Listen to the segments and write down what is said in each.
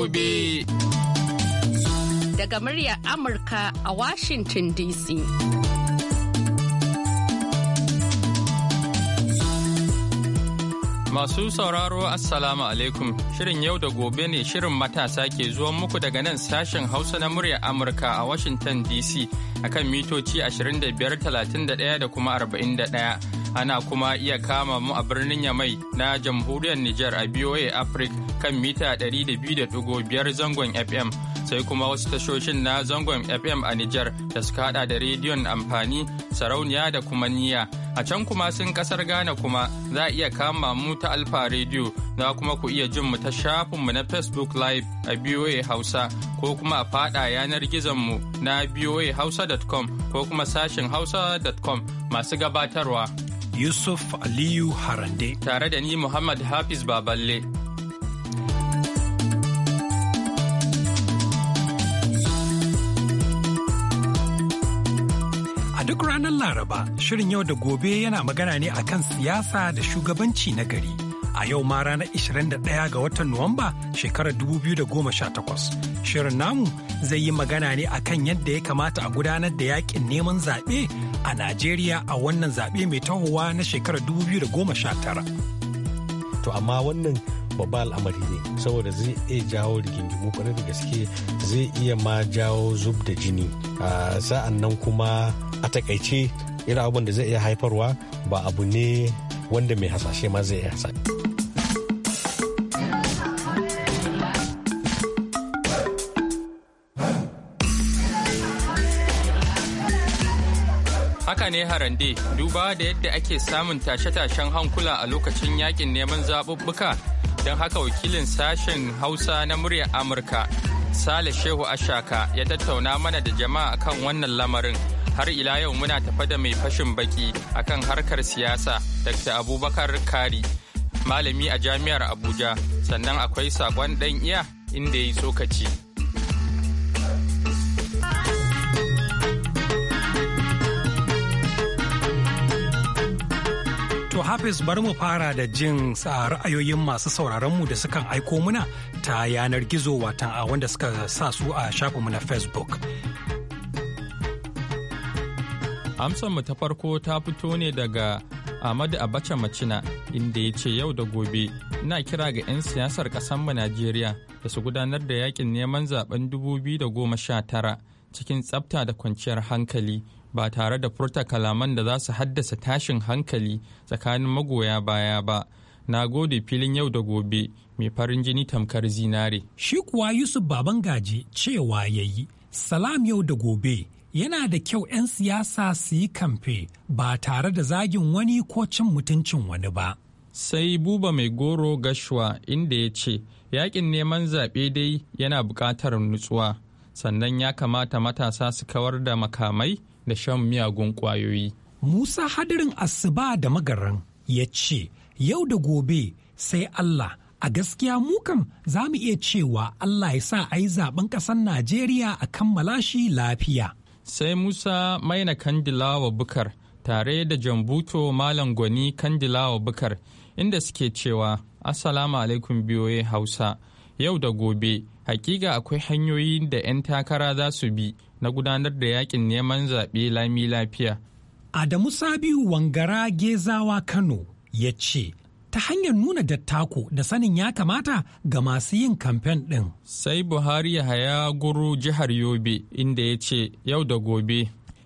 gobe. Daga muryar Amurka a Washington DC. Masu sauraro Assalamu alaikum Shirin yau da gobe ne Shirin matasa ke zuwa muku daga nan sashen Hausa na muryar Amurka a Washington DC akan mitoci 25,31 da kuma 41. Ana kuma iya kama mu a birnin Yamai na jamhuriyar Nijar a BOA Africa kan mita 200.5 zangon FM sai kuma wasu tashoshin na zangon FM a Nijar da suka hada da rediyon amfani sarauniya da kuma niya. A can kuma sun kasar Ghana kuma za a iya kama mu ta Alfa rediyo za kuma ku iya jin mu ta shafinmu na Facebook Live a BOA Hausa ko kuma a fada yanar gizonmu na boahausa.com ko kuma sashen hausa.com masu gabatarwa. Yusuf Aliyu Harande. Tare da ni Muhammad Hafiz Baballe. Laraba, shirin yau da gobe yana magana ne akan siyasa da shugabanci na gari. A yau ma ranar 21 ga watan Nuwamba shekarar 2018. Shirin namu zai yi magana ne akan yadda ya kamata a gudanar da yakin neman zaɓe a Najeriya a wannan zaɓe mai tahowa na shekarar 2019. To amma wannan babba al'amari ne saboda zai iya jawo rigingimu kwarai da gaske zai iya ma jawo zub da jini sa'an nan kuma a takaice irin abin da zai iya haifarwa ba abu ne wanda mai hasashe ma zai iya haka ne harande duba da yadda ake samun tashe-tashen hankula a lokacin yakin neman zaɓuɓɓuka don haka wakilin sashen hausa na muryar amurka sale shehu ashaka ya tattauna mana da jama'a akan wannan lamarin har ila yau muna tafa da mai fashin baki akan harkar siyasa dr abubakar kari malami a jami'ar abuja sannan akwai sakon ɗan iya inda ya yi tsokaci Hafiz bari mu fara da jin ra'ayoyin masu sauraronmu da sukan aiko muna ta yanar gizo wata a wanda suka sa su a shafinmu na Facebook. mu ta farko ta fito ne daga Ahmadu Abacha Macina inda ya ce yau da gobe ina kira ga 'yan siyasar mu Najeriya da su gudanar da yakin neman zaben 2019 cikin tsabta da kwanciyar hankali ba tare da furta kalaman da za su haddasa tashin hankali tsakanin magoya baya ba na gode filin yau da gobe mai farin jini tamkar zinare shi kuwa yusuf baban gaji cewa ya yi salam yau da gobe yana da kyau 'yan siyasa su yi kamfe ba tare da zagin wani ko cin mutuncin wani ba sai buba mai goro gashwa inda ya ce yakin neman zaɓe dai yana buƙatar nutsuwa sannan ya kamata matasa su kawar da makamai da shan miyagun ƙwayoyi. Musa hadarin asuba da magaran ya ce, Yau da gobe sai Allah, a gaskiya mu za mu iya cewa Allah ya sa a yi zaben ƙasar Najeriya a kammala shi lafiya. Sai Musa maina kandilawa bukar tare da Jambuto Malam Gwani kandilawa bukar inda suke cewa, Assalamu alaikum biyoye Hausa, yau da gobe. hakika akwai hanyoyin da 'yan takara za su bi na gudanar da yakin neman zaɓe lami lafiya. Adamu Sabiu Wangara Gezawa Kano ya ce, ta hanyar nuna dattako da sanin ya kamata ga masu yin kamfen ɗin. Sai Buhari ya haya guru jihar Yobe inda ya ce yau da gobe.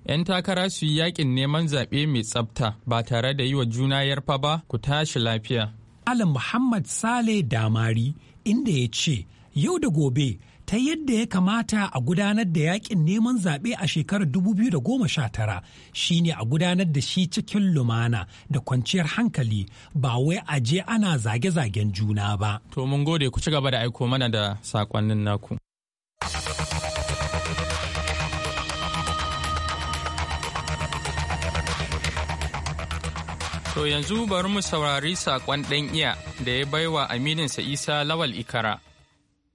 'Yan takara su yi yakin neman zaɓe mai tsafta ba tare da yi wa juna yarfa ba ku tashi lafiya. Alan Muhammad Sale Damari inda ya ce yau da gobe ta yadda ya kamata a gudanar da yakin neman zaɓe a shekarar 2019 shine a gudanar da shi cikin lumana da kwanciyar hankali ba wai a je ana zage-zagen juna ba. To mun gode ku ci gaba da aiko mana da saƙonnin naku. To yanzu bari mu saurari saƙon ɗan iya da ya baiwa aminin sa Isa Lawal Ikara.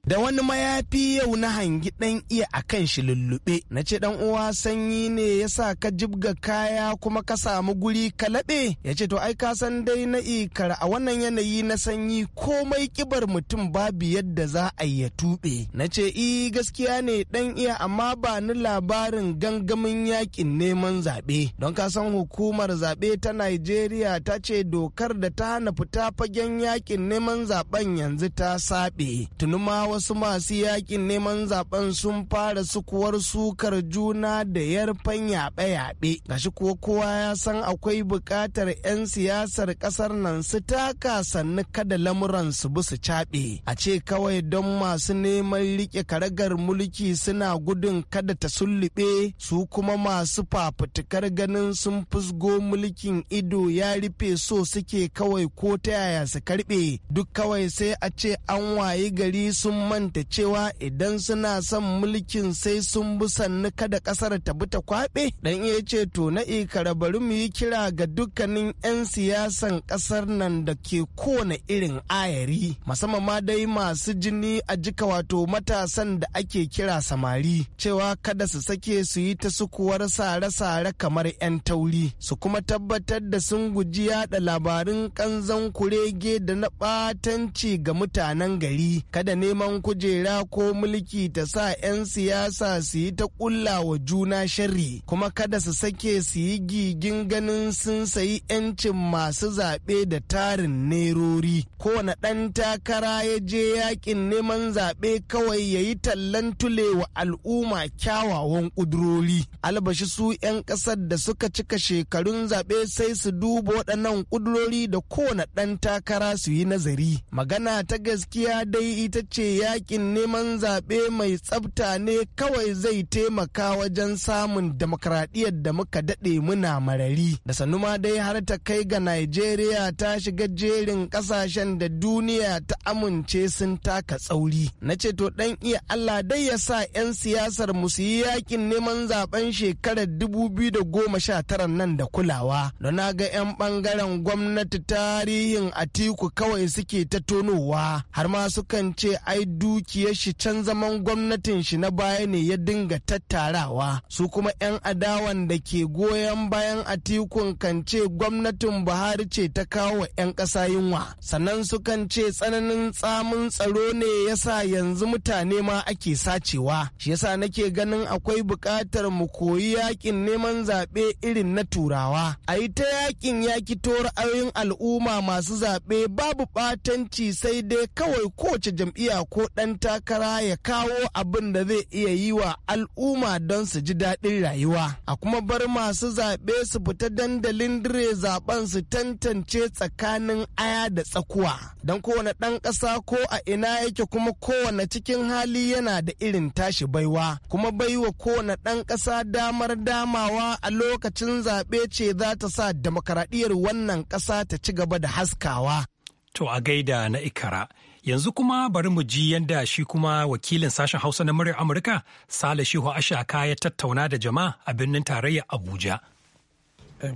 da wani mayafi yau na hangi ɗan iya a kan shi lullube na ce ɗan uwa sanyi ne ya sa ka jibga kaya kuma ka samu guri ka laɓe ya ce to ai ka san dai na ikar a wannan yanayi na sanyi komai kibar mutum babu yadda za a yi ya tuɓe na ce i gaskiya ne ɗan iya amma ba ni labarin gangamin yakin neman zaɓe don ka san hukumar zaɓe ta Najeriya ta ce dokar da ta hana fita fagen yakin neman zaɓen yanzu ta saɓe tunuma wasu masu yakin neman zaben sun fara sukuwar sukar juna da yarfan yaɓe-yaɓe gashi kuwa kowa ya san akwai buƙatar 'yan siyasar ƙasar nan su taka sannu kada lamuran su bi su caɓe a ce kawai don masu neman riƙe karagar mulki suna gudun kada ta sullube su kuma masu fafutukar ganin sun fusgo mulkin ido ya rufe so suke kawai ko ta yaya su karɓe duk kawai sai a ce an wayi gari sun manta cewa idan suna son mulkin sai sun bi sannu kada kasar ta bi ta kwaɓe dan iya ce to na ikara bari mu yi kira ga dukkanin 'yan siyasan kasar nan da ke kowane irin ayari musamman ma dai masu jini a jika wato matasan da ake kira samari cewa kada su sake su yi ta sukuwar sare-sare kamar 'yan tauri su kuma tabbatar da sun guji yada labarin kanzan kurege da na ɓatanci ga mutanen gari kada neman neman kujera ko mulki ta sa 'yan siyasa su yi ta ƙulla wa juna sharri kuma kada su sake su yi gigin ganin sun sayi 'yancin masu zaɓe da tarin nerori kowane ɗan takara ya je yakin neman zaɓe kawai ya yi tallan tule wa al'umma kyawawan ƙudurori albashi su 'yan ƙasar da suka cika shekarun zaɓe sai su duba waɗannan ƙudurori da kowane ɗan takara su yi nazari magana ta gaskiya dai ita ce yakin neman zaɓe mai tsabta ne kawai zai taimaka wajen samun demokradiyyar da muka daɗe muna marari. Da sanuma dai har ta kai ga Najeriya ta shiga jerin ƙasashen da duniya ta amince sun taka tsauri. Na ce to ɗan iya Allah dai ya sa 'yan siyasar mu su yi yakin neman zaɓen shekarar 2019 nan da kulawa. Don na ga 'yan ɓangaren gwamnati tarihin Atiku kawai suke ta tonowa har ma sukan ce ai dukiyar shi can zaman gwamnatin shi na baya ne ya dinga tattarawa su kuma 'yan adawan da ke goyon bayan atikun kan ce gwamnatin buhari ce ta kawo wa 'yan ƙasa yunwa sannan kan ce tsananin tsamin tsaro ne ya sa yanzu mutane ma ake sacewa shi yasa nake ganin akwai bukatar mu koyi yakin neman zaɓe irin na turawa a yi ta yakin ki to ra'ayoyin al'umma masu zaɓe babu ɓatanci sai dai kawai kowace jam'iyya ko ko ɗan takara ya kawo abin da zai iya yi wa al'umma don su ji daɗin rayuwa a kuma bar masu zaɓe su fita dandalin dire zaben su tantance tsakanin aya da tsakuwa don kowane ɗan ƙasa ko a ina yake kuma kowane cikin hali yana da irin tashi baiwa kuma baiwa kowane ɗan ƙasa damar damawa a lokacin zaɓe ce za ta sa demokaradiyyar wannan ƙasa ta ci gaba da haskawa. To a gaida na ikara Yanzu kuma bari mu ji yadda shi kuma wakilin sashen Hausa na muryar Amurka, Sale Shehu Ashaka ya tattauna da jama'a a birnin tarayya Abuja.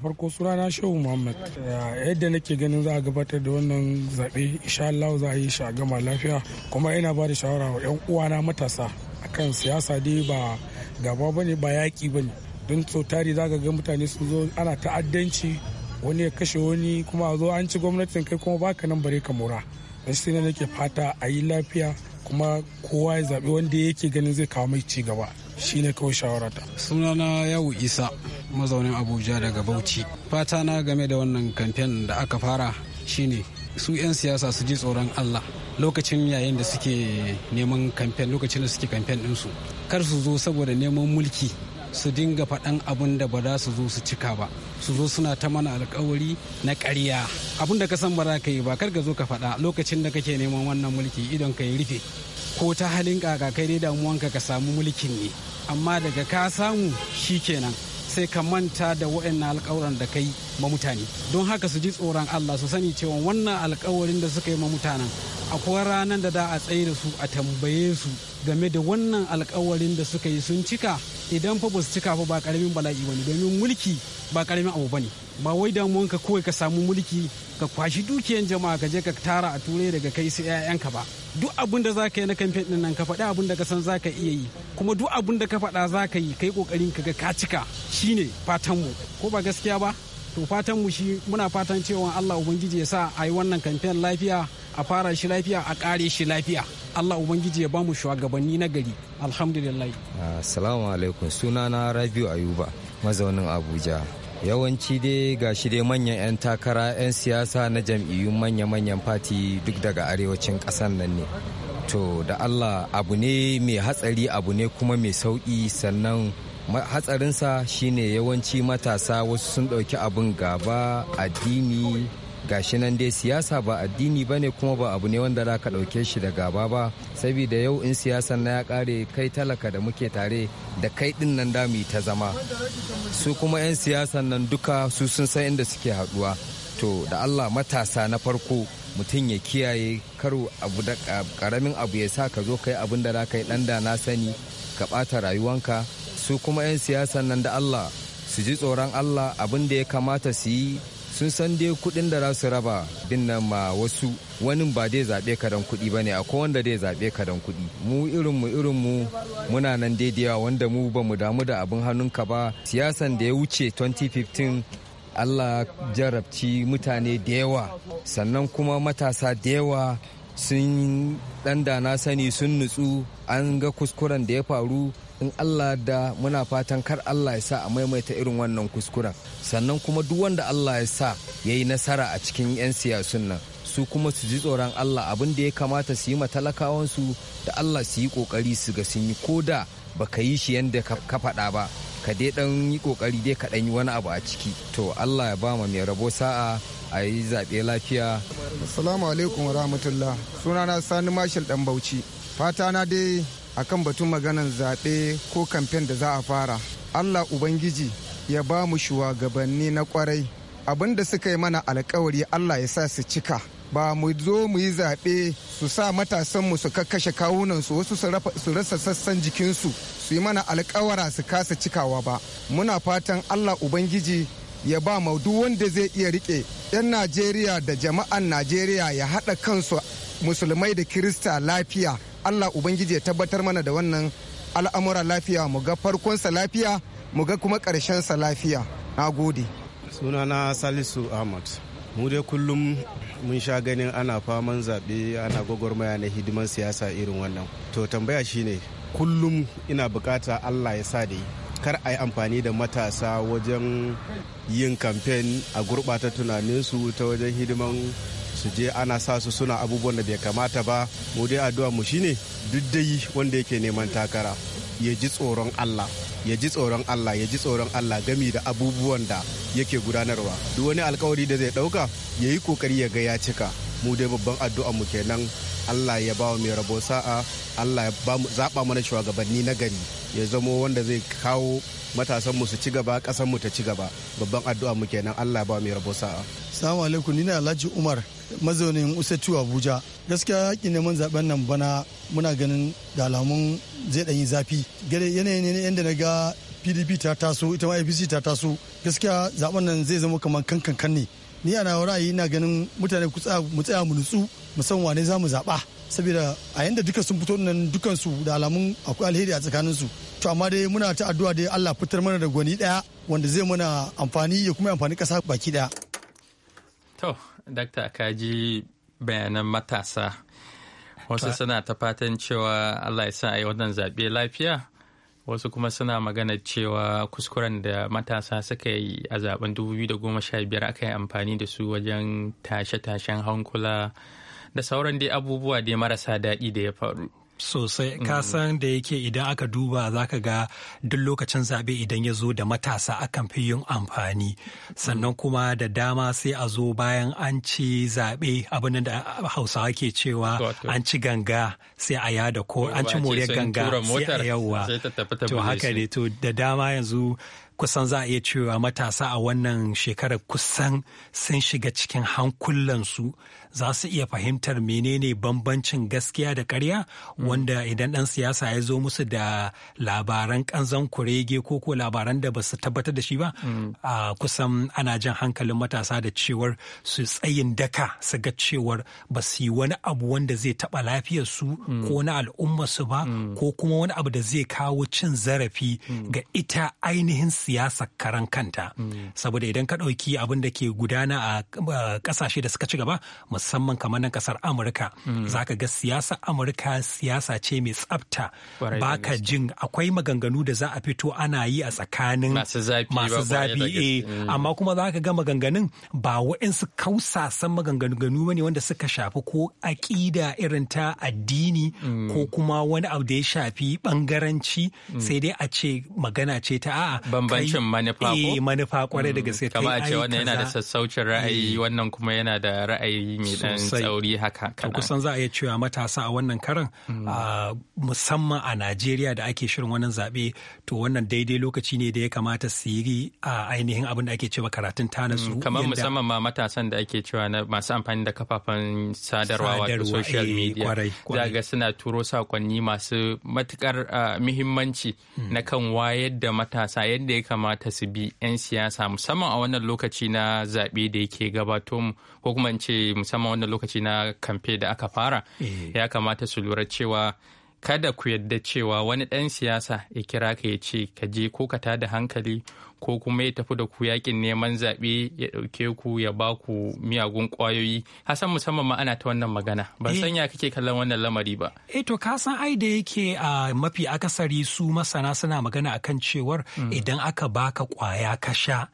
farko sunana shehu muhammad yadda nake ganin za a gabatar da wannan zaɓe insha Allah za a yi shi a gama lafiya kuma ina ba da shawara wa 'yan uwana matasa akan siyasa dai ba gaba ba ne ba yaƙi ba ne don so tari za ga mutane sun zo ana ta'addanci wani ya kashe wani kuma a zo an ci gwamnatin kai kuma baka nan bare ka mura gaskiya nake fata a yi lafiya kuma kowa ya zaɓi wanda yake ganin zai kawo mai cigaba gaba ne kawai shawarata sunana yawu isa mazaunin abuja daga bauchi fata na game da wannan kamfen da aka fara shine su 'yan siyasa su ji tsoron allah lokacin yayin da suke neman kamfen lokacin da suke kamfen ɗinsu kar su zo saboda neman mulki su dinga faɗan abin da ba za su zo su cika ba su zo suna ta mana alkawari na ƙarya abin da ka san ba za ka yi ba kar ka zo ka faɗa lokacin da kake neman wannan mulki idon ka yi rufe ko ta halin kaka kai dai damuwanka ka samu mulkin ne amma daga ka samu shi kenan sai ka manta da waɗannan alkawuran da kai ma mutane don haka su ji tsoron Allah su sani cewa wannan alkawarin da suka yi ma mutanen akwai ranar da za a tsaye da su a tambaye su game da wannan alkawarin da suka yi sun cika idan fa ba su cika fa ba karamin bala'i bane domin mulki ba karamin abu bane ba wai damuwan ka kowai ka samu mulki ka kwashi dukiyan jama'a ka je ka tara a turai daga kai su ka ba duk abin da za ka yi na kamfen din nan ka faɗi abin da ka san za ka iya yi kuma duk abin da ka faɗa za ka yi kai kokarin ka ga ka cika shine fatan mu ko ba gaskiya ba to fatan mu shi muna fatan cewa Allah ubangiji ya sa a yi wannan kamfen lafiya a fara shi lafiya a kare shi lafiya Allah ubangiji ya bamu shugabanni na gari alhamdulillah assalamu alaikum sunana Rabiu Ayuba mazaunin Abuja yawanci dai ga shi dai manyan 'yan takara 'yan siyasa na jam'iyyun manya-manyan fati duk daga arewacin ƙasar nan ne to da Allah abu ne mai hatsari abu ne kuma mai sauƙi sannan hatsarinsa shine yawanci matasa wasu sun ɗauki abin gaba addini gashi nan dai siyasa ba addini ba ne kuma ba abu ne wanda za ka ɗauke shi da gaba ba saboda yau in siyasan na ya kare kai talaka da muke tare da kai ɗin nan dami ta zama su kuma 'yan siyasan nan duka su sun san inda suke haɗuwa to da allah matasa na farko mutum ya kiyaye karo abu da ƙaramin abu ya sa ka zo kai abin da za ka yi ɗan da na sani ka ɓata rayuwanka su kuma 'yan siyasan nan da Allah su ji tsoron Allah abin da ya kamata su yi sun san dai kuɗin da za su raba bin ma wasu wani ba dai zaɓe ka don kuɗi ba ne akwai wanda dai zaɓe ka don kuɗi mu irin mu irin mu muna nan daidai wanda mu ba mu damu da abin hannun ka ba siyasan da ya wuce 2015 Allah jarabci mutane da yawa sannan kuma matasa da yawa sun ɗan da sani sun nutsu an ga kuskuren da ya faru in allah da muna fatan kar allah ya sa a maimaita irin wannan kuskuren sannan kuma duk wanda allah ya sa ya yi nasara a cikin 'yan siyasun nan su kuma su ji tsoron Allah abin da ya kamata su yi ma talakawansu da Allah su yi kokari su ga sun yi ko da ba ka yi shi yadda ka faɗa ba ka dai dan yi kokari dai ka ɗan yi wani abu a ciki to Allah ya bama mai rabo sa'a a yi zaɓe lafiya assalamu alaikum wa rahmatullah sunana sani mashal ɗan bauchi fata na dai akan batun maganan zaɓe ko kamfen da za a fara allah ubangiji ya ba mu shugabanni na kwarai abin da suka yi mana alkawari allah ya sa su cika ba mu zo mu yi zaɓe su sa matasanmu su kakkashe kawunansu wasu su rasa sassan jikinsu su yi mana alkawara su kasa cikawa ba muna fatan allah ubangiji ya ba ma duk wanda zai iya rike 'yan najeriya da jama'an najeriya ya haɗa kansu musulmai da kirista lafiya allah ubangiji ya tabbatar mana da wannan al'amura lafiya mu ga farkonsa lafiya mu ga kuma sa lafiya na gode sunana salisu ahmad mu dai kullum mun sha ganin ana faman zaɓe ana gwagwarmaya na hidimar siyasa irin wannan to tambaya shine kullum ina bukata allah ya sa da yi kar a yi amfani da matasa wajen yin kamfen a gurɓata tunaninsu ta wajen hidiman su je ana sa su suna abubuwan da bai kamata ba mu dai addu'a mu shine duk dai wanda yake neman takara ya ji tsoron Allah ya ji tsoron Allah ya ji tsoron Allah gami da abubuwan da yake gudanarwa duk wani alkawari da zai dauka ya yi kokari ya ga ya cika mu dai babban addu'a mu kenan Allah ya ba mai rabo sa'a Allah ya zaba mana shugabanni na gari ya zamo wanda zai kawo matasan mu su ci gaba kasan mu ta ci gaba babban addu'a mu kenan Allah ya ba mai rabo sa'a assalamu alaikum ni ne Alhaji Umar mazaunin usatu abuja gaskiya yakin neman zaben nan bana muna ganin da alamun zai ɗanyi zafi Gare yanayin ne yadda na ga pdp ta taso ita ma apc ta taso gaskiya zaben nan zai zama kamar kankan kan ne ni ana ra'ayi ina ganin mutane mu tsaya mu nutsu mu san wane za mu zaɓa saboda a yanda duka sun fito nan su da alamun akwai alheri a su to amma dai muna ta addu'a dai Allah fitar mana da gwani daya wanda zai mana amfani ya kuma amfani kasa baki daya to dakta kaji bayanan matasa wasu suna ta fatan cewa allah ya sa a yi wannan zaɓe lafiya wasu kuma suna magana cewa kuskuren da matasa suka yi a zaben 2015 aka yi amfani da su wajen tashe-tashen hankula da sauran dai abubuwa dai marasa daɗi da ya faru sosai ka mm-hmm. san da yake idan aka duba zaka ga duk lokacin zaɓe idan ya zo da matasa akan fi yin amfani mm-hmm. sannan kuma da dama sai a zo bayan an ci zaɓe abin da hausawa ke cewa an ci ganga sai a yada ko an ci moriyar ganga sai a yawa to haka ne to da dama yanzu kusan za a iya cewa matasa a wannan shekarar kusan sun shiga cikin hankulansu za su iya fahimtar menene bambancin gaskiya da ƙarya mm. wanda idan ɗan siyasa ya zo musu da labaran ƙanzan kurege ko ko labaran da ba su tabbatar da shi ba mm. a kusan ana jan hankalin matasa da cewar su tsayin daka su ga cewar ba su yi wani abu wanda zai taɓa su. Mm. ko na al'umma su ba ko kuma wani abu da zai kawo cin zarafi ga ita ainihin siyasa karan kanta saboda idan ka ɗauki abin da ke gudana a ƙasashe da suka ci gaba musamman kamar na kasar amurka hmm. zaka ga siyasa amurka siyasa ce mai tsafta baka jin akwai maganganu da za a fito ana yi a tsakanin masu zafi eh. hmm. amma kuma za ka ga maganganun ba waɗansu kausasan maganganu ne wanda suka shafi ko aƙida irin ta addini hmm. ko kuma wani abu da ya shafi bangaranci sai dai a ce magana ce ta a bambancin manufa ko eh, manufa kwarai da gaske kama a ce wannan yana da sassaucin ra'ayi eh. wannan kuma yana da ra'ayi mai sosai dan tsauri haka kana kusan za a iya cewa matasa a wannan karan hmm. musamman a Najeriya da ake shirin wannan zabe to wannan daidai lokaci ne da ya kamata su yi a ainihin abin da ake cewa karatun tana su hmm, kamar musamman ma matasan da ake cewa na masu amfani da kafafen sadarwa wato social eh, media za ga suna turo sakonni masu matukar muhimmanci hmm. na kan wayar da matasa yadda ya kamata su bi 'yan siyasa musamman a wannan lokaci na zaɓe da yake gabato ko kuma in ce musamman musamman wannan lokaci na kamfe da aka fara eh. ya kamata su lura cewa kada ku yadda cewa wani ɗan siyasa ya kira ka ya ce ka je ko ka tada hankali ko kuma ya tafi da ku yakin neman zaɓe ya ɗauke ku ya ba ku miyagun ƙwayoyi hasan musamman ma ana ta wannan magana ban san eh. ya kake kallon wannan lamari ba eh to ka san ai da yake a mafi akasari su masana suna magana akan cewar hmm. idan aka baka ƙwaya ka sha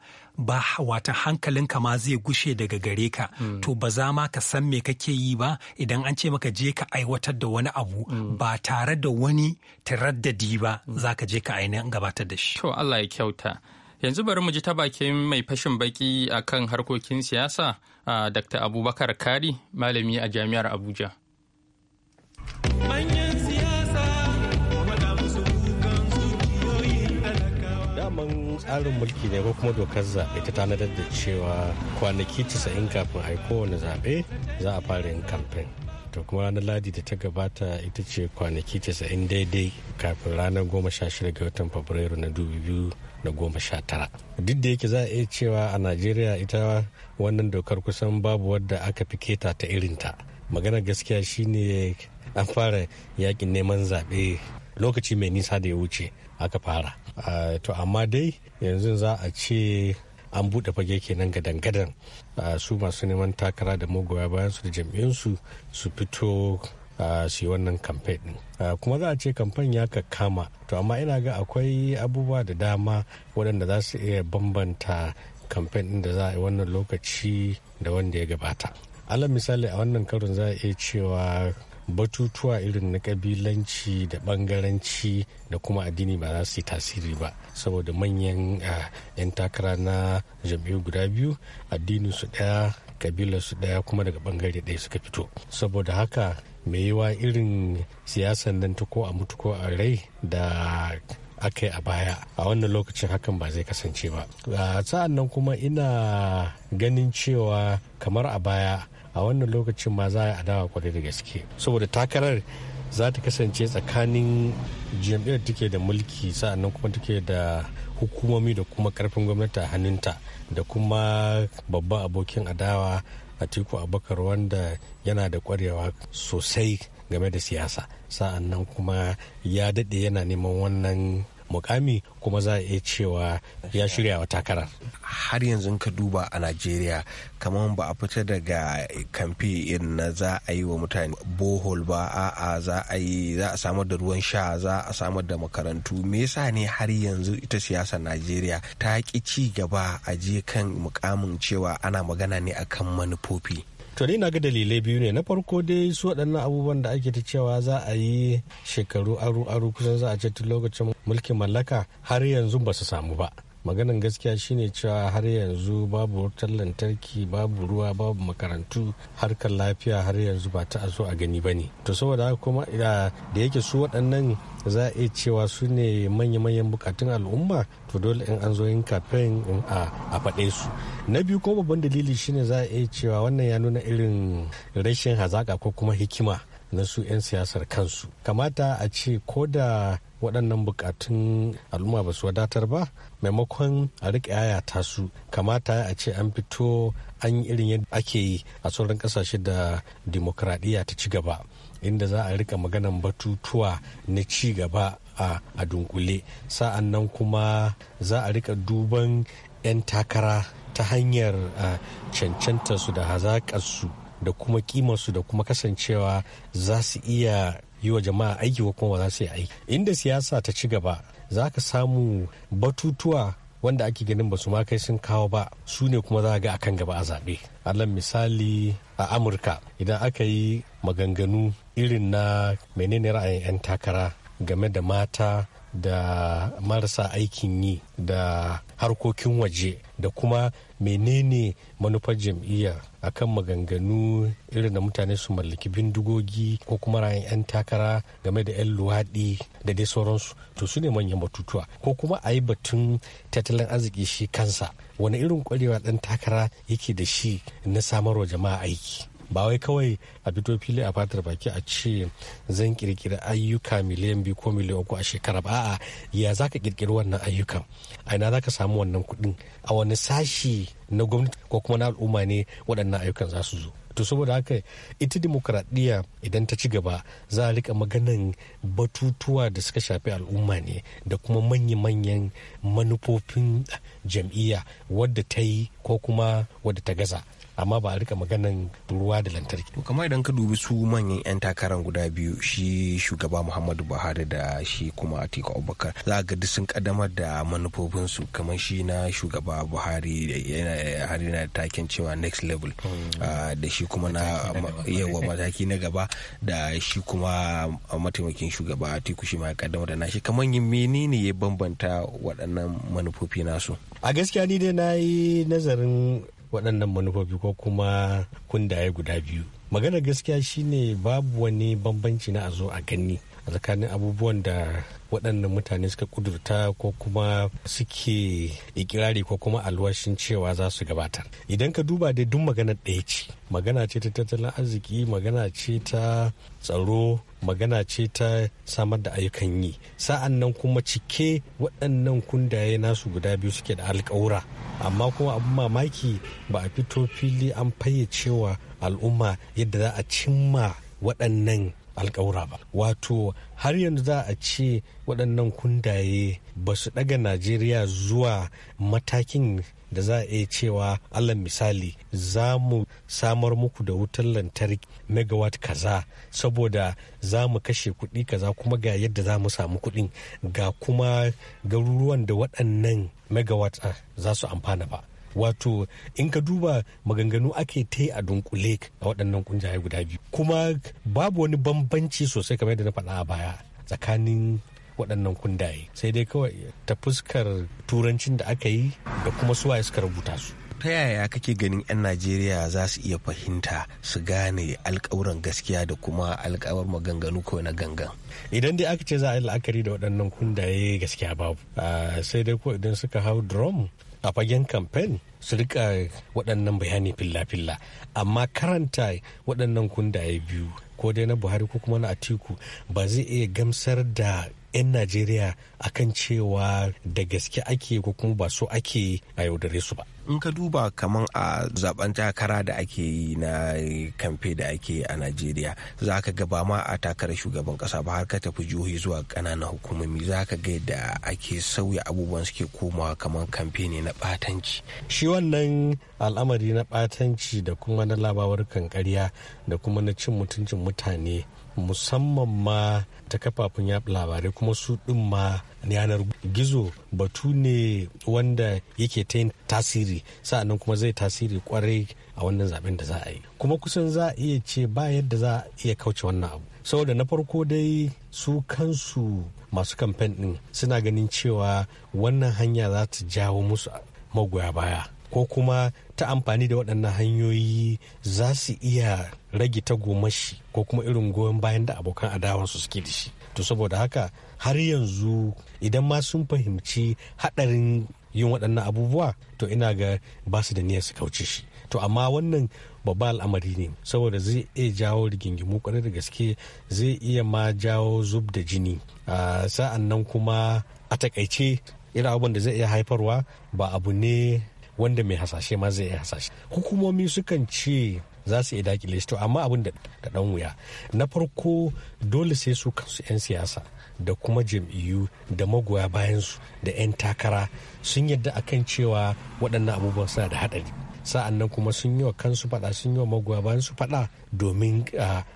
ba wata hankalinka ma zai gushe daga gare ka mm. to ba za ma ka san me kake yi ba idan an ce maka je ka aiwatar da wani abu mm. ba tare da wani taraddadi ba mm. za ka je ka ainihin gabatar da shi to Allah ya kyauta yanzu bari mu ji ta bakin mai fashin baki kan harkokin siyasa dr abubakar kari malami a jami'ar abuja daman tsarin mulki ne ko kuma dokar zaɓe ta tanadar da cewa kwanaki 90 kafin a yi kowane zaɓe za a fara yin kamfen to kuma ranar ladi da ta gabata ita ce kwanaki 90 daidai kafin ranar 16 ga watan fabrairu na 2019 duk da yake za a iya cewa a najeriya ita wannan dokar kusan babu wadda aka fi keta ta irinta maganar gaskiya shine an fara yakin neman zaɓe lokaci mai nisa da ya wuce aka fara Eh, to amma dai yanzu za a ce an buɗe fage kenan gadan-gadan eh, su masu neman takara da magoya bayan su da jam'iyyunsu su fito eh, su yi wannan kamfen din kuma za a ce kamfen ya ka kama to amma ina ga akwai abubuwa da dama waɗanda za su iya bambanta kamfen din da za a yi wannan lokaci da wanda ya gabata alal misali a wannan karin za a iya cewa batutuwa irin na kabilanci da bangaranci da kuma addini ba za su yi tasiri ba saboda manyan 'yan takara na jam'iyyu guda biyu addini su daya ɗaya su daya kuma daga bangare daya suka fito saboda haka mai yiwa irin siyasan nan ta ko a mutu ko a rai da aka yi a baya a wannan lokacin hakan ba zai kasance ba sa'an nan kuma ina ganin cewa kamar a baya a wannan lokacin ma za a adawa kwarai da gaske saboda takarar za ta kasance tsakanin jam'iyyar take da mulki sa'annan kuma take da hukumomi da kuma karfin gwamnati a hannunta da kuma babban abokin adawa a atiku abakar wanda yana da kwarewa sosai game da siyasa sa'annan kuma ya daɗe yana neman wannan mukami kuma za a iya cewa ya shirya wa takarar har yanzu ka duba a najeriya kamar ba a fita daga kamfe irin na za a yi wa mutane bohol ba a'a za a yi za a samar da ruwan sha za a samar da makarantu me yasa ne har yanzu ita siyasar najeriya ta ki ci gaba a je kan mukamin cewa ana magana ne akan manufofi to ni na ga dalilai biyu ne na farko dai su waɗannan abubuwan da ake ta cewa za a yi shekaru aru aru kusan za a ce tun lokacin mulkin mallaka har yanzu ba su samu ba maganin gaskiya shine cewa har yanzu babu wutar lantarki babu ruwa babu makarantu harkar lafiya har yanzu ba ta zo a gani ba ne to saboda haka kuma da yake su waɗannan za a iya cewa su ne manya-manyan bukatun al'umma to dole in an zo yin kafin a faɗe su na biyu ko babban dalili shine za a iya cewa wannan ya nuna irin rashin hazaƙa ko kuma hikima na su 'yan siyasar kansu kamata a ce ko da waɗannan buƙatun al'umma ba su wadatar ba maimakon a riƙe yayata su kamata a ce an fito an yi irin yadda ake yi a sauran ƙasashe da dimokuraɗiyya ta ci gaba inda za a riƙa maganan batutuwa na ci gaba a dunkule sa'an nan kuma za a riƙa duban 'yan takara ta hanyar cancanta su da hazaƙarsu da kuma kimarsu da kuma kasancewa za su iya yi wa jama'a aiki ko kuma za su yi aiki inda siyasa ta ci gaba za ka samu batutuwa wanda ake ganin ba su ma kai sun kawo ba su ne kuma za a ga a kan gaba a zaɓe alam misali a amurka idan aka yi maganganu irin na menene ra'ayin 'yan takara game da mata da marasa aikin yi da harkokin waje da kuma menene manufar a kan maganganu irin da mutane su mallaki bindigogi ko kuma rayan 'yan takara game da 'yan luwaɗi da dai sauransu to su ne manyan batutuwa ko kuma a yi batun tattalin arziki shi kansa wani irin kwarewa ɗan takara yake da shi na samarwa jama'a aiki ba wai kawai a fito fili a fatar baki a ce zan kirkiri ayyuka miliyan biyu ko miliyan uku a shekara ba a ya ka kirkiri wannan ayyukan a ina ka samu wannan kuɗin a wani sashi na gwamnati ko kuma na al'umma ne waɗannan ayyukan za su zo to saboda haka ita demokradiyya idan ta ci gaba za a rika maganan batutuwa da suka shafi al'umma ne da kuma manya-manyan manufofin jam'iyya wadda ta yi ko kuma wadda ta gaza amma ba a rika maganan ruwa da lantarki to kamar idan ka dubi su manyan yan takarar guda biyu shi shugaba muhammadu buhari da shi kuma atiku abubakar za ga duk sun kaddamar da su kamar shi na shugaba buhari har yana taken cewa next level hmm. ah, da shi kuma na yawa mataki na gaba da shi kuma mataimakin shugaba atiku shi ma ya kaddamar da nashi kamar yin menene ya bambanta waɗannan manufofi nasu a gaskiya ni dai na yi nazarin waɗannan manufofi ko kuma kundaye guda biyu maganar gaskiya shine babu wani bambanci na a zo a gani a tsakanin abubuwan da waɗannan mutane suka kudurta ko kuma suke ikirari ko kuma alwashin cewa za su gabatar idan ka duba dai duk magana ɗaya ce magana ce ta tattalin arziki magana ce ta tsaro magana ce ta samar da ayyukan yi sa'an nan kuma cike waɗannan kundaye nasu guda biyu suke da alƙawura amma kuma abin mamaki ba a fito fili an fayyacewa al'umma yadda za a cimma waɗannan alkawura ba wato har yanzu za a ce waɗannan kundaye ba su ɗaga najeriya zuwa matakin da za a iya cewa allah misali za mu samar muku da wutar lantarki megawatt kaza saboda za mu kashe kuɗi kaza kuma ga yadda za mu samu kuɗin ga kuma garuruwan da waɗannan megawatt ah, za su amfana ba wato in ka duba maganganu ake ta a dunkule a waɗannan kunjaye guda biyu kuma babu wani bambanci sosai kamar yadda na faɗa a baya tsakanin waɗannan kundaye sai dai kawai ta fuskar turancin da aka yi da kuma suwaye suka rubuta su ta yaya kake ganin 'yan najeriya za su iya fahimta su gane alkawuran gaskiya da kuma alkawar maganganu kawai na gangan idan dai aka ce za a yi la'akari da waɗannan kundaye gaskiya babu ah, sai dai ko idan suka hau drum a fagen kamfen su rika waɗannan bayani filla-filla amma karanta waɗannan kundaye biyu ko dai na buhari ko kuma na atiku ba zai iya gamsar da 'yan najeriya akan cewa da gaske ake ko kuma ba so ake a yaudare su ba in ka duba kaman a zaben takara da ake yi na kamfe da ake a najeriya za ka ga ba ma a takarar shugaban kasa ba har ka tafi jihohi zuwa ƙananan hukumomi za ka ga yadda ake sauya abubuwan suke komawa kaman kamfe ne na batanci shi wannan al'amari na batanci da kuma na labawar kankariya da kuma na cin mutuncin mutane musamman ma ta kafafun yaɗa labarai kuma su ɗin ma yanar gizo batu ne wanda yake ta yin tasiri sa'annan kuma zai tasiri kwarai a wannan zaben da za a yi kuma kusan za a iya ce ba yadda za a iya kauce wannan abu saboda na farko dai su kansu masu kamfen ɗin suna ganin cewa wannan hanya za ta jawo musu magoya baya ko kuma ta amfani da waɗannan hanyoyi za su iya rage tagomashi ko kuma irin goyon bayan da abokan adawansu suke da shi to saboda haka har yanzu idan ma sun fahimci haɗarin yin waɗannan abubuwa to ina ga ba su da niyyar su kauce shi to amma wannan babba al'amari ne saboda zai iya jawo rigingimu kwarai da gaske zai iya ma jawo zub da jini sa'an nan kuma a takaice irin abubuwan da zai iya haifarwa ba abu ne wanda mai hasashe ma zai iya hasashe hukumomi sukan ce za su iya dakile shi to amma abin da dan wuya na farko dole sai su kansu 'yan siyasa da kuma jam'iyyu da magoya bayansu da 'yan takara sun yadda akan cewa waɗannan abubuwan suna da haɗari sa'an nan kuma sun yi wa kansu faɗa sun yi wa magoya bayan su faɗa domin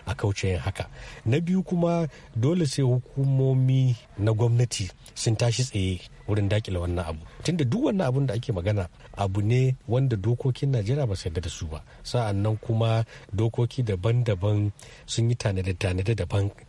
a kauce yin haka na biyu kuma dole sai hukumomi na gwamnati sun tashi tsaye wurin dakile wannan abu tunda duk wannan abun da ake magana abu ne wanda dokokin najeriya ba su yarda da su ba sa'an nan kuma dokoki daban-daban sun yi tanade-tanade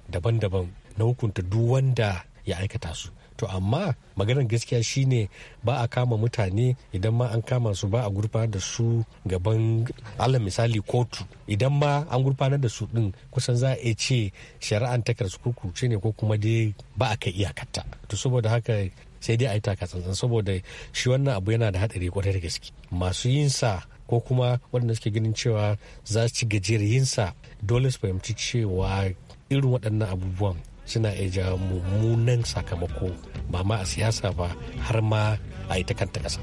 daban-daban na hukunta duk wanda ya aikata su to amma maganar gaskiya shine ba a kama mutane idan ma an kama su ba a gurfanar da su gaban allah misali kotu idan ma an gurfanar da su din kusan za a iya ce shari'an takar su kurkuce ne ko kuma dai ba a kai iyakarta to saboda haka sai dai a yi takatsantsan saboda shi wannan abu yana da haɗari kwarai da gaske masu yin sa ko kuma waɗanda suke ganin cewa za su ci gajiyar yinsa dole su fahimci cewa irin waɗannan abubuwan suna iya jawo mummunan sakamako ba ma a siyasa ba har ma a ita kanta ƙasa.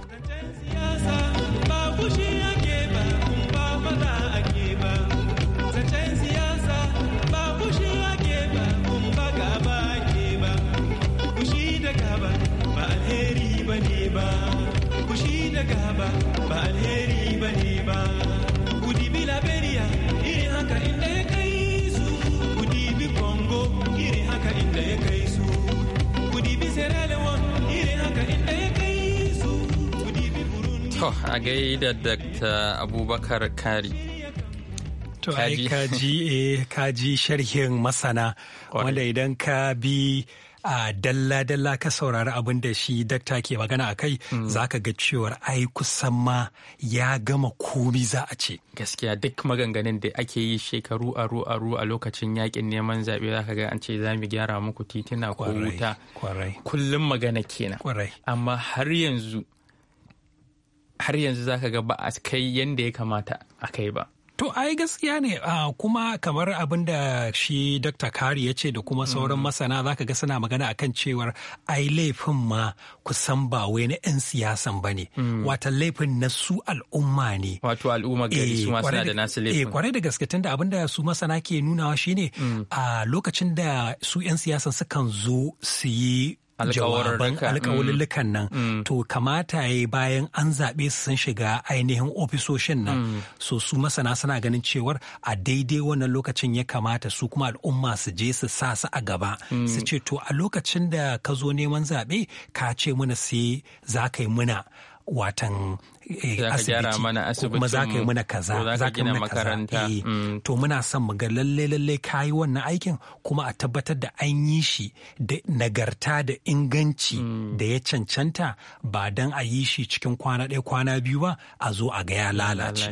ba alheri ba ne ba kushi da ba, ba alheri To a gaida Dr. Abubakar Kari. To ai kaji eh kaji sharhin masana wanda idan ka bi a dalla-dalla ka saurari abin da shi dakta ke magana a kai hmm. za ka ga cewar ai kusan ma ya gama komi za a ce. Gaskiya duk maganganun da ake yi shekaru aru aru a lokacin yakin neman zaɓe za ka ga an ce za mu gyara muku titina ko wuta. Kullum magana kenan. Amma har yanzu har yanzu zaka ga ba a kai yanda ya kamata a kai ba To ai gaskiya ne kuma kamar abin da shi Dr. Kari ya ce da kuma sauran mm. masana zaka ga suna magana akan cewar ai laifin ma kusan ba wai na 'yan siyasan ba ne. Mm. Wata laifin na su al'umma ne. Wato al'umma gari eh, su masana da nasu laifin. Eh kwarai da gaske da abin da su masana ke nunawa shine mm. a lokacin da su 'yan siyasan sukan zo su yi jawaban alkawalullukan nan mm. Mm. to kamata ya bayan an zaɓe su sun shiga ainihin ofisoshin nan mm. so su masana suna ganin cewar a daidai wannan lokacin ya kamata su kuma al'umma su je su sa su a gaba su ce to a lokacin da ka zo neman zaɓe ka ce mana sai za ka yi muna watan eh, asibiti kuma za ka yi mana kaza za ka yi mana kaza eh, mm. to muna son mu ga lalle lalle ka yi wannan aikin kuma a tabbatar da an yi shi da nagarta da inganci mm. da ya cancanta ba dan a yi shi cikin kwana ɗaya kwana biyu ba a zo a ga ya lalace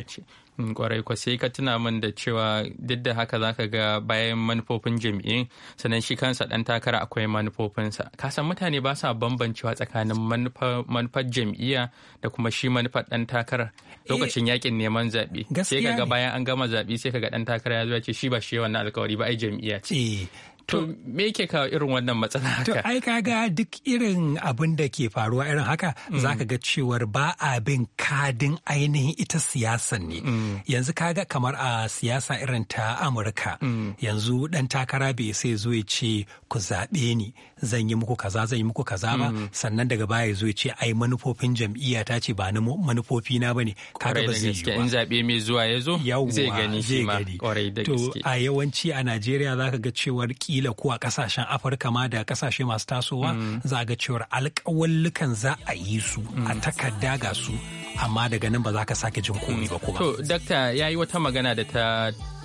Mm, kwarai kwasai ka tuna min da cewa duk da haka zaka ga bayan manufofin jami'i sannan shi kansa dan takara akwai manufofinsa ka san mutane ba sa bambancewa tsakanin manufar jam'iyya da kuma shi manufar dan takara eh, lokacin yakin neman zaɓe sai ka ga bayan an gama zaɓe sai ka ga dan takara ya zuwa ce shi ba shi wannan alkawari ba ai jam'iyya ce eh, To me yake kawo irin wannan matsala haka? To ai kaga duk irin abin da ke faruwa irin haka mm. zaka ga cewar ba a bin kadin ainihin ita siyasan ne. Mm. Yanzu kaga kamar a siyasa irin ta Amurka mm. yanzu dan takara bai sai zo ya ce ku zaɓe ni zan yi muku kaza zan yi muku kaza ba sannan daga baya zo ya ce ai manufofin jam'iyya ta ce ba na manufofi na bane kaga ba zai yi in zaɓe mai zuwa ya zo zai gani shi ma kwarai da gaske. To a yawanci a Najeriya zaka ga cewar kila ko a kasashen afirka ma da kasashe masu tasowa mm. za ga cewar alkawallukan za a yi su a mm. takarda ga su amma daga nan ba za ka sake jin komai ba kuma. To, dakta ya yi wata magana da ta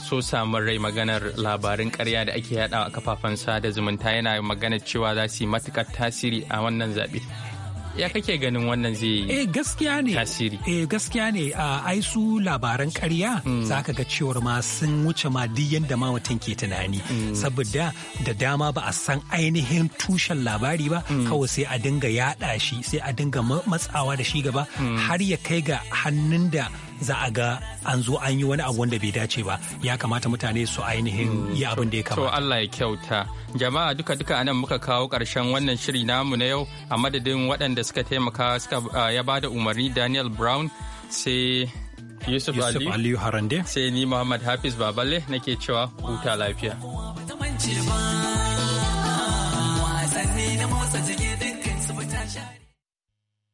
so samun rai maganar labarin karya da ake yada a kafafen sada zumunta yana magana cewa za su yi matukar tasiri a wannan zaɓe. ya kake ganin wannan zai yi eh gaskiya ne tasiri eh gaskiya ne a ai su labaran ƙarya mm. zaka ga cewar ma sun wuce ma duk yanda ma mutum ke tunani mm. saboda da dama ba a san ainihin tushen labari ba mm. kawai sai a dinga yaɗa shi sai a dinga matsawa da shi gaba har ya kai ga hannun da za a ga an zo an yi wani abu wanda bai dace ba ya kamata mutane su ainihin yi abin da ya kamata. To Allah ya kyauta. Jama'a duka duka anan muka kawo karshen wannan shiri namu na yau a madadin waɗanda suka taimaka suka ya bada umarni Daniel Brown sai Yusuf, Aliyu Harande sai ni Muhammad Hafiz Babale nake cewa huta lafiya. Wasanni na motsa